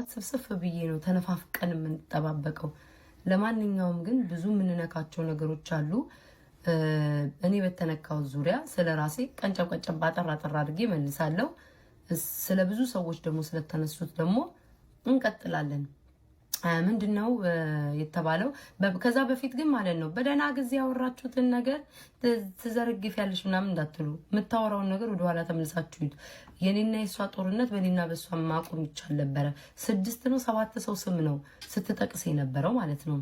ለመግባት ስብስፍ ብዬ ነው ተነፋፍቀን የምንጠባበቀው። ለማንኛውም ግን ብዙ የምንነካቸው ነገሮች አሉ። እኔ በተነካው ዙሪያ ስለ ራሴ ቀንጨብ ቀንጨብ አጠር አጠር አድርጌ መልሳለሁ። ስለ ብዙ ሰዎች ደግሞ ስለተነሱት ደግሞ እንቀጥላለን። ምንድን ነው የተባለው? ከዛ በፊት ግን ማለት ነው በደህና ጊዜ ያወራችሁትን ነገር ያለች ምናምን እንዳትሉ፣ የምታወራውን ነገር ወደኋላ ተመልሳችሁ ሂዱ። የኔና የእሷ ጦርነት በኔና በእሷ ማቆም ይቻል ነበረ። ስድስት ነው ሰባት ሰው ስም ነው ስትጠቅስ የነበረው ማለት ነው።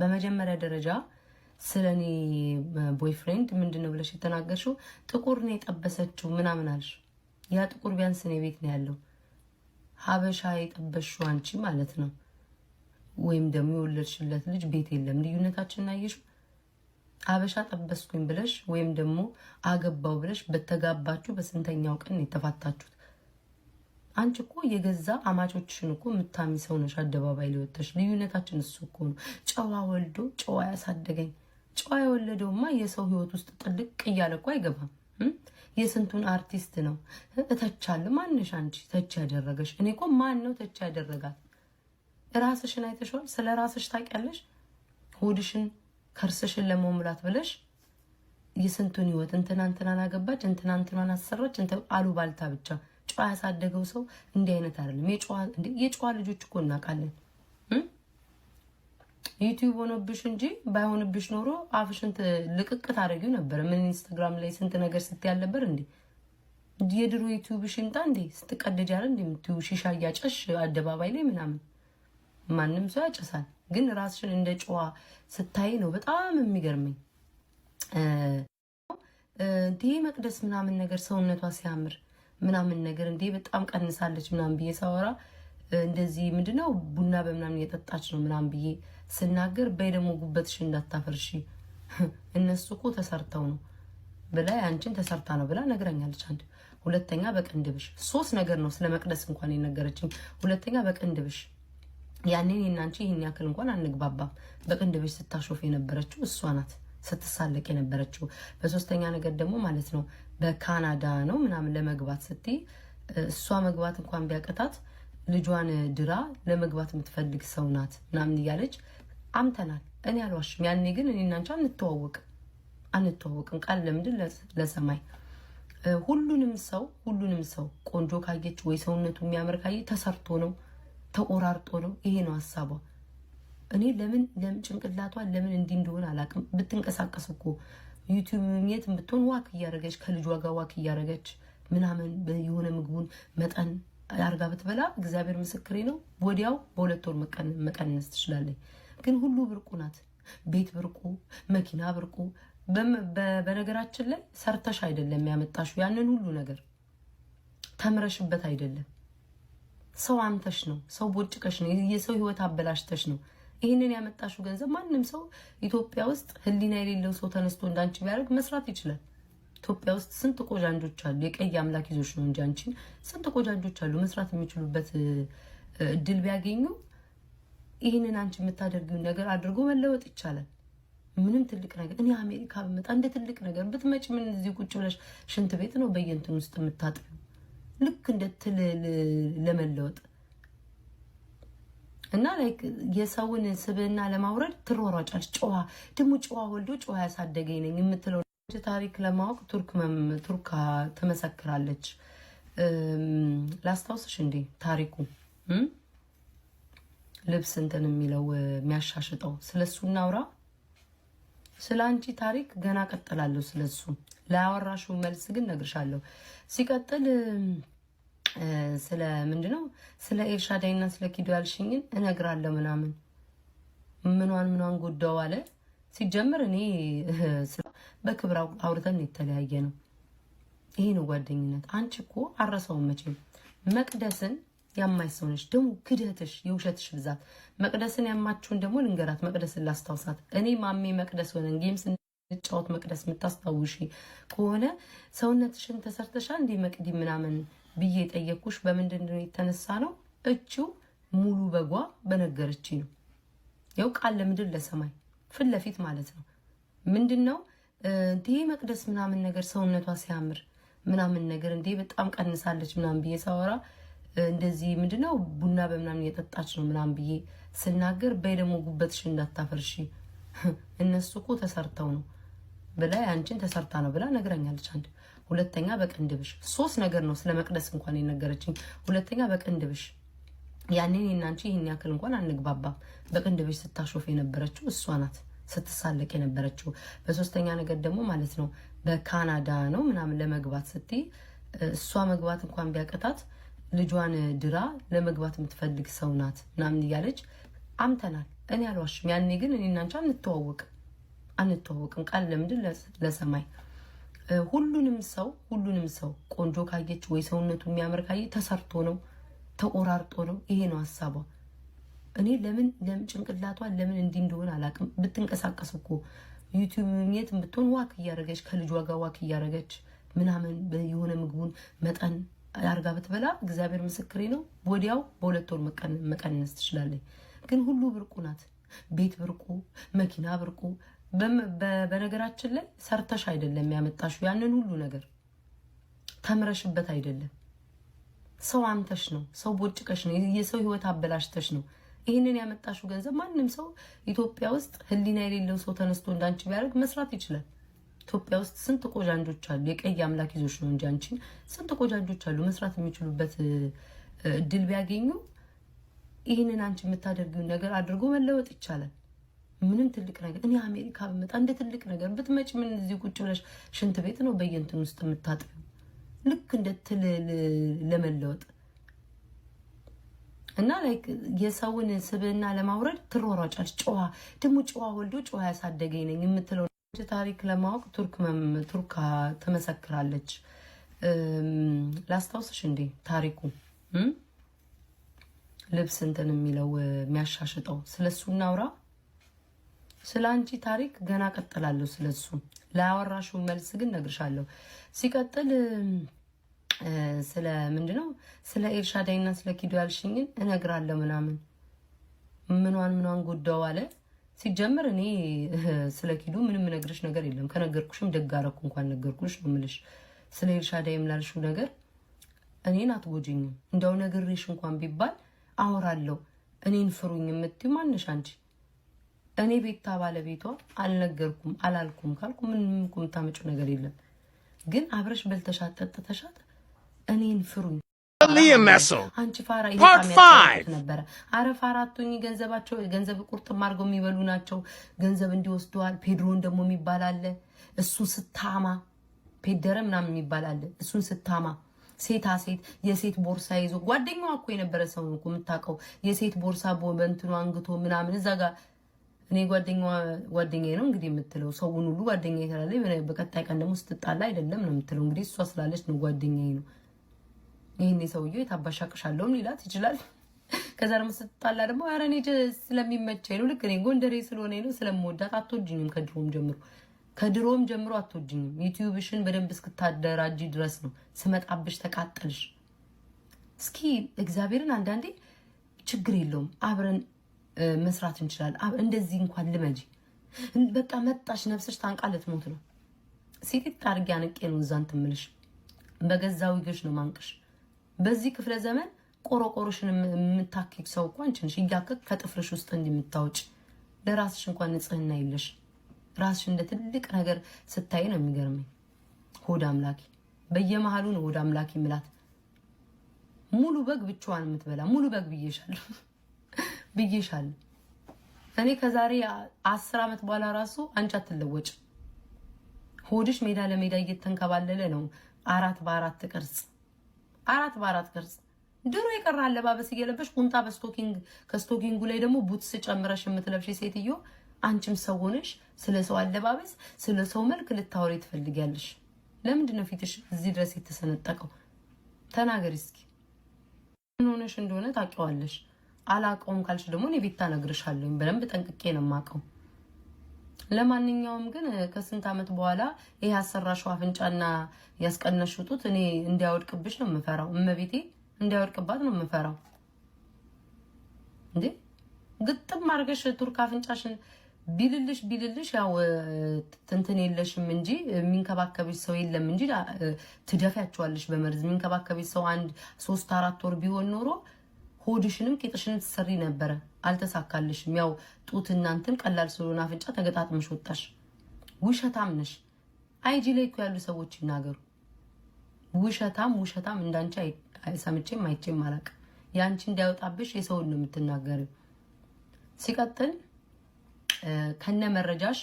በመጀመሪያ ደረጃ ስለ እኔ ቦይፍሬንድ ምንድን ነው ብለሽ የተናገርሽው ጥቁር ነው የጠበሰችው ምናምን አልሽ። ያ ጥቁር ቢያንስ እኔ ቤት ነው ያለው። ሀበሻ የጠበሽው አንቺ ማለት ነው። ወይም ደግሞ የወለድሽለት ልጅ ቤት የለም ልዩነታችን አየሽ አበሻ ጠበስኩኝ ብለሽ ወይም ደግሞ አገባው ብለሽ በተጋባችሁ በስንተኛው ቀን የተፋታችሁት? አንቺ እኮ የገዛ አማቾችሽን እኮ የምታሚ ሰው ነሽ። አደባባይ ሊወተሽ ልዩነታችን እሱ እኮ ነው። ጨዋ ወልዶ ጨዋ ያሳደገኝ ጨዋ የወለደውማ የሰው ህይወት ውስጥ ጥልቅ እያለ እኮ አይገባም። የስንቱን አርቲስት ነው እተቻለ ማነሽ አንቺ ተች ያደረገሽ? እኔ እኮ ማን ነው ተች ያደረጋት? ራስሽን አይተሽዋል። ስለ ራስሽ ታውቂያለሽ። ሆድሽን ከርስሽን ለመሙላት ብለሽ የስንቱን ህይወት እንትና እንትና አገባች፣ እንትና እንትናን አሰራች፣ ባልታ ብቻ። ጨዋ ያሳደገው ሰው እንዲህ አይነት አይደለም። የጨዋ ልጆች እኮ እናውቃለን። ዩቲዩብ ሆኖብሽ እንጂ ባይሆንብሽ ኖሮ አፍሽን ልቅቅ ታደርጊው ነበር። ምን ኢንስታግራም ላይ ስንት ነገር ስትያል ነበር እንዴ? የድሮ ዩቲዩብሽ ይምጣ እንዴ? ስትቀደጃለ እንዴ? ሺሻ እያጨሽ አደባባይ ላይ ምናምን ማንም ሰው ያጨሳል፣ ግን ራስሽን እንደ ጨዋ ስታይ ነው በጣም የሚገርመኝ። እንዲህ መቅደስ ምናምን ነገር ሰውነቷ ሲያምር ምናምን ነገር እንዲህ በጣም ቀንሳለች ምናምን ብዬ ሳወራ እንደዚህ ምንድነው ቡና በምናምን እየጠጣች ነው ምናምን ብዬ ስናገር በይ ደግሞ ጉበትሽ እንዳታፈርሺ እነሱ እኮ ተሰርተው ነው ብላ አንቺን ተሰርታ ነው ብላ ነግረኛለች። አንድ ሁለተኛ በቅንድብሽ ሶስት ነገር ነው ስለ መቅደስ እንኳን የነገረችኝ። ሁለተኛ በቅንድብሽ ያንን እናንቺ ይህን ያክል እንኳን አንግባባም። በቅንድብሽ ስታሾፍ የነበረችው እሷ ናት፣ ስትሳለቅ የነበረችው። በሶስተኛ ነገር ደግሞ ማለት ነው በካናዳ ነው ምናምን ለመግባት ስትይ እሷ መግባት እንኳን ቢያቀታት ልጇን ድራ ለመግባት የምትፈልግ ሰው ናት ምናምን እያለች አምተናል። እኔ አልዋሽም። ያኔ ግን እኔ እናንቺ አንተዋወቅ አንተዋወቅም ቃል ለምድን ለሰማይ ሁሉንም ሰው ሁሉንም ሰው ቆንጆ ካየች ወይ ሰውነቱ የሚያምር ካየ ተሰርቶ ነው ተቆራርጦ ነው። ይሄ ነው ሀሳቧ። እኔ ለምን ጭንቅላቷ ለምን እንዲህ እንደሆነ አላውቅም። ብትንቀሳቀስ እኮ ዩቲዩብ የትም ብትሆን ዋክ እያደረገች ከልጇ ጋር ዋክ እያደረገች ምናምን የሆነ ምግቡን መጠን አርጋ ብትበላ እግዚአብሔር ምስክሬ ነው፣ ወዲያው በሁለት ወር መቀነስ ትችላለች። ግን ሁሉ ብርቁ ናት። ቤት ብርቁ፣ መኪና ብርቁ። በነገራችን ላይ ሰርተሽ አይደለም ያመጣሽው ያንን ሁሉ ነገር ተምረሽበት አይደለም ሰው አንተሽ ነው፣ ሰው ቦጭቀሽ ነው፣ የሰው ህይወት አበላሽተሽ ነው ይህንን ያመጣሽው ገንዘብ። ማንም ሰው ኢትዮጵያ ውስጥ ህሊና የሌለው ሰው ተነስቶ እንዳንቺ ቢያደርግ መስራት ይችላል። ኢትዮጵያ ውስጥ ስንት ቆጃንጆች አሉ። የቀይ አምላክ ይዞች ነው እንጂ አንቺን ስንት ቆጃንጆች አሉ መስራት የሚችሉበት እድል ቢያገኙ ይህንን አንቺ የምታደርጊውን ነገር አድርጎ መለወጥ ይቻላል። ምንም ትልቅ ነገር እኔ አሜሪካ ብመጣ እንደ ትልቅ ነገር ብትመጪ ምን እዚህ ቁጭ ብለሽ ሽንት ቤት ነው በየንትን ውስጥ የምታጥቢው ልክ እንደ ትል ለመለወጥ እና ላይክ የሰውን ስብዕና ለማውረድ ትሮሯጫለች። ጨዋ ደግሞ ጨዋ ወልዶ ጨዋ ያሳደገኝ ነኝ የምትለው ታሪክ ለማወቅ ቱርክ ትመሰክራለች። ላስታውስሽ እንዴ ታሪኩ ልብስ እንትን የሚለው የሚያሻሽጠው ስለሱ እናውራ። ስለ አንቺ ታሪክ ገና ቀጥላለሁ። ስለሱ ላያወራሹ መልስ ግን ነግርሻለሁ። ሲቀጥል ስለ ምንድነው ስለ ኤርሻዳይና ስለ ኪዱ ያልሽኝን እነግራለሁ ምናምን ምኗን ምኗን ጎዳው አለ። ሲጀምር እኔ በክብር አውርተን የተለያየ ነው። ይሄ ነው ጓደኝነት። አንቺ እኮ አረሰውን መቼም መቅደስን ያማይ ሰው ነች። ደግሞ ክደትሽ፣ የውሸትሽ ብዛት። መቅደስን ያማችሁን ደግሞ ልንገራት፣ መቅደስን ላስታውሳት። እኔ ማሜ መቅደስ ሆነ ጌም ስንጫወት መቅደስ የምታስታውሽ ከሆነ ሰውነትሽን ተሰርተሻ እንዲ መቅዲ ምናምን ብዬ የጠየኩሽ በምንድን ነው የተነሳ ነው? እችው ሙሉ በጓ በነገረች ነው። ያው ቃል ለምድር ለሰማይ ፊት ለፊት ማለት ነው። ምንድን ነው እንዲህ መቅደስ ምናምን ነገር ሰውነቷ ሲያምር ምናምን ነገር እንዲህ በጣም ቀንሳለች ምናምን ብዬ ሳወራ እንደዚህ ምንድነው ቡና በምናምን እየጠጣች ነው ምናምን ብዬ ስናገር በይ ደግሞ ጉበትሽ እንዳታፈርሺ እነሱ እኮ ተሰርተው ነው ብላ አንቺን ተሰርታ ነው ብላ ነግረኛለች። አንድ ሁለተኛ በቅንድብሽ ሶስት ነገር ነው ስለ መቅደስ እንኳን የነገረችኝ። ሁለተኛ በቅንድብሽ ያንን እናንቺ ይህን ያክል እንኳን አንግባባም። በቅንድብሽ ስታሾፍ የነበረችው እሷ ናት፣ ስትሳለቅ የነበረችው። በሶስተኛ ነገር ደግሞ ማለት ነው በካናዳ ነው ምናምን ለመግባት ስትይ እሷ መግባት እንኳን ቢያቅታት ልጇን ድራ ለመግባት የምትፈልግ ሰው ናት ምናምን እያለች አምተናል። እኔ አልዋሽም። ያኔ ግን እኔ እና አንቺ አንተዋወቅም አንተዋወቅም ቃል ለምድር ለሰማይ ሁሉንም ሰው ሁሉንም ሰው ቆንጆ ካየች ወይ ሰውነቱ የሚያምር ካየ ተሰርቶ ነው ተቆራርጦ ነው። ይሄ ነው ሀሳቧ። እኔ ለምን ለምን ጭንቅላቷ ለምን እንዲህ እንደሆነ አላውቅም። ብትንቀሳቀስ እኮ ዩቲዩብ የት ብትሆን ዋክ እያደረገች ከልጇ ጋር ዋክ እያደረገች ምናምን የሆነ ምግቡን መጠን አርጋ ብትበላ እግዚአብሔር ምስክሬ ነው፣ ወዲያው በሁለት ወር መቀነስ ትችላለች። ግን ሁሉ ብርቁ ናት። ቤት ብርቁ፣ መኪና ብርቁ። በነገራችን ላይ ሰርተሽ አይደለም ያመጣሽው ያንን ሁሉ ነገር ተምረሽበት አይደለም። ሰው አንተሽ ነው፣ ሰው ቦጭቀሽ ነው፣ የሰው ህይወት አበላሽተሽ ነው ይህንን ያመጣሽው ገንዘብ። ማንም ሰው ኢትዮጵያ ውስጥ ህሊና የሌለው ሰው ተነስቶ እንዳንቺ ቢያደርግ መስራት ይችላል። ኢትዮጵያ ውስጥ ስንት ቆጃንጆች አሉ። የቀይ አምላክ ይዞች ነው እንጂ አንቺን ስንት ቆጃንጆች አሉ። መስራት የሚችሉበት እድል ቢያገኙ ይህንን አንቺ የምታደርጊውን ነገር አድርጎ መለወጥ ይቻላል። ምንም ትልቅ ነገር እኔ አሜሪካ ብመጣ እንደ ትልቅ ነገር ብትመጭ፣ ምን እዚህ ቁጭ ብለሽ ሽንት ቤት ነው በየንትን ውስጥ የምታጥቢው ልክ እንደ ትል ለመለወጥ እና ላይክ የሰውን ስብዕና ለማውረድ ትሮሯጫለሽ። ጨዋ ደግሞ ጨዋ ወልዶ ጨዋ ያሳደገኝ ነኝ የምትለው ታሪክ ለማወቅ ቱርክ ቱርክ ትመሰክራለች። ላስታውስሽ እንዴ ታሪኩ ልብስ እንትን የሚለው የሚያሻሽጠው ስለሱ እናውራ። ስለ አንቺ ታሪክ ገና ቀጥላለሁ። ስለሱ ላያወራሽው መልስ ግን ነግርሻለሁ። ሲቀጥል ስለ ምንድ ነው ስለ ኤልሻዳይና ስለ ኪዱ ያልሽኝን እነግራለሁ ምናምን ምኗን ምኗን ጎዳው አለ ሲጀምር እኔ ስለ ኪዱ ምንም ነግርሽ ነገር የለም። ከነገርኩሽም ደግ አደረኩ እንኳን ነገርኩሽ ነው የምልሽ። ስለ ኤልሻዳ የምላልሽው ነገር እኔን አትጎጂኝም። እንደው ነግሬሽ እንኳን ቢባል አወራለሁ። እኔን ፍሩኝ የምትይው ማነሽ አንቺ? እኔ ቤታ ባለቤቷ አልነገርኩም አላልኩም ካልኩ ምንም እኮ የምታመጪው ነገር የለም። ግን አብረሽ በልተሻት ጠጥተሻት እኔን ፍሩኝ Godly and ፓርት Part 5. አረፍ አራቱኝ ገንዘባቸው ገንዘብ ቁርጥም አድርገው የሚበሉ ናቸው። ገንዘብ እንዲወስደዋል። ፔድሮን ደግሞ የሚባል አለ። እሱ ስታማ ፔደረ ምናምን የሚባል አለ። እሱን ስታማ ሴታ ሴት የሴት ቦርሳ ይዞ ጓደኛዋ እኮ የነበረ ሰው እኮ የምታውቀው የሴት ቦርሳ በንትኑ አንግቶ ምናምን እዛ ጋር እኔ ጓደኛዋ ጓደኛ ነው እንግዲህ የምትለው ሰውን ሁሉ ጓደኛ ትላለች። በቀጣይ ቀን ደግሞ ስትጣላ አይደለም ነው የምትለው። እንግዲህ እሷ ስላለች ነው ጓደኛ ነው ይህን ሰውዬው የታባሻቅሻለውም ሊላት ይችላል። ከዛ ደግሞ ስትጣላ ደግሞ ኧረ እኔ ስለሚመቸኝ ነው፣ ልክ እኔ ጎንደሬ ስለሆነ ነው፣ ስለምወዳት አትወጅኝም። ከድሮም ጀምሮ ከድሮም ጀምሮ አትወጅኝም። ዩቲዩብሽን በደንብ እስክታደራጅ ድረስ ነው ስመጣብሽ ተቃጠልሽ። እስኪ እግዚአብሔርን አንዳንዴ ችግር የለውም አብረን መስራት እንችላለን። እንደዚህ እንኳን ልመጂ። በቃ መጣሽ ነፍስሽ ታንቃ ልትሞት ነው። ሲጢጥ አድርጌ አንቄ ነው እዛን ትምልሽ። በገዛ ዊጎች ነው ማንቅሽ። በዚህ ክፍለ ዘመን ቆሮቆሮሽን የምታክክ ሰው እኮ አንቺ ነሽ። እያከክ ከጥፍርሽ ውስጥ እንደምታውጭ ለራስሽ እንኳን ንጽህና የለሽ። ራስሽ እንደ ትልቅ ነገር ስታይ ነው የሚገርመኝ። ሆድ አምላኪ በየመሀሉ ነው ሆድ አምላኪ ምላት። ሙሉ በግ ብቻዋን የምትበላ ሙሉ በግ ብዬሻለሁ ብዬሻለሁ። እኔ ከዛሬ አስር ዓመት በኋላ ራሱ አንቺ አትለወጭ። ሆድሽ ሜዳ ለሜዳ እየተንከባለለ ነው አራት በአራት ቅርጽ አራት በአራት ቅርጽ ድሮ የቀረ አለባበስ እየለበሽ ቁንጣ በስቶኪንግ ከስቶኪንጉ ላይ ደግሞ ቡትስ ጨምረሽ የምትለብሽ ሴትዮ፣ አንቺም ሰው ሆነሽ ስለ ሰው አለባበስ ስለ ሰው መልክ ልታወሪ ትፈልጊያለሽ። ለምንድን ነው ፊትሽ እዚህ ድረስ የተሰነጠቀው? ተናገሪ እስኪ። ምን ሆነሽ እንደሆነ ታውቂዋለሽ። አላውቀውም ካልሽ ደግሞ እኔ ቤታ እነግርሻለሁ። በደንብ ጠንቅቄ ነው የማውቀው። ለማንኛውም ግን ከስንት ዓመት በኋላ ይህ አሰራሽው አፍንጫና ያስቀነሽው ጡት እኔ እንዲያወድቅብሽ ነው የምፈራው። እመቤቴ እንዲያወድቅባት ነው የምፈራው። እንዴ ግጥም አድርገሽ ቱርክ አፍንጫሽን ቢልልሽ ቢልልሽ ያው ትንትን የለሽም እንጂ የሚንከባከብሽ ሰው የለም እንጂ ትደፊያቸዋለሽ በመርዝ። የሚንከባከብሽ ሰው አንድ ሶስት አራት ወር ቢሆን ኖሮ ሆድሽንም ቂጥሽንም ትሰሪ ነበረ፣ አልተሳካልሽም። ያው ጡት እናንትን ቀላል ስለሆነ አፍንጫ ተገጣጥመሽ ወጣሽ። ውሸታም ነሽ። አይጂ ላይ እኮ ያሉ ሰዎች ይናገሩ። ውሸታም ውሸታም እንዳንቺ ሰምቼም አይቼም አላውቅም። የአንቺ እንዳይወጣብሽ የሰውን ነው የምትናገር። ሲቀጥል ከነ መረጃሽ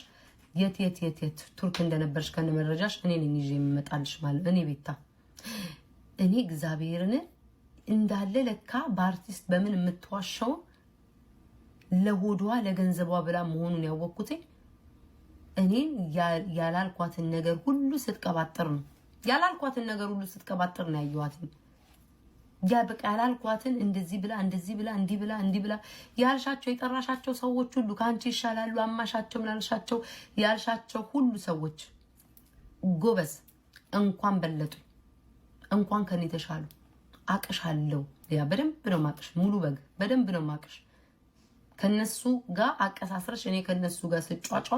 የት የት የት የት ቱርክ እንደነበርሽ ከነ መረጃሽ እኔ ነኝ ይዤ የምመጣልሽ ማለት እኔ ቤታ እኔ እግዚአብሔርን እንዳለ ለካ በአርቲስት በምን የምትዋሻው ለሆዷ ለገንዘቧ ብላ መሆኑን ያወቅኩትኝ እኔን ያላልኳትን ነገር ሁሉ ስትቀባጥር ነው ያላልኳትን ነገር ሁሉ ስትቀባጥር ነው ያየኋትኝ። ያ በቃ ያላልኳትን እንደዚህ ብላ እንደዚህ ብላ እንዲህ ብላ እንዲህ ብላ ያልሻቸው የጠራሻቸው ሰዎች ሁሉ ከአንቺ ይሻላሉ አማሻቸው ምናልሻቸው ያልሻቸው ሁሉ ሰዎች ጎበዝ እንኳን በለጡ እንኳን ከኔ ተሻሉ። አቅሻለሁ። ያ በደንብ ነው ማቅሽ፣ ሙሉ በግ በደንብ ነው ማቅሽ። ከነሱ ጋር አቀሳስረሽ እኔ ከነሱ ጋር ስጫጫ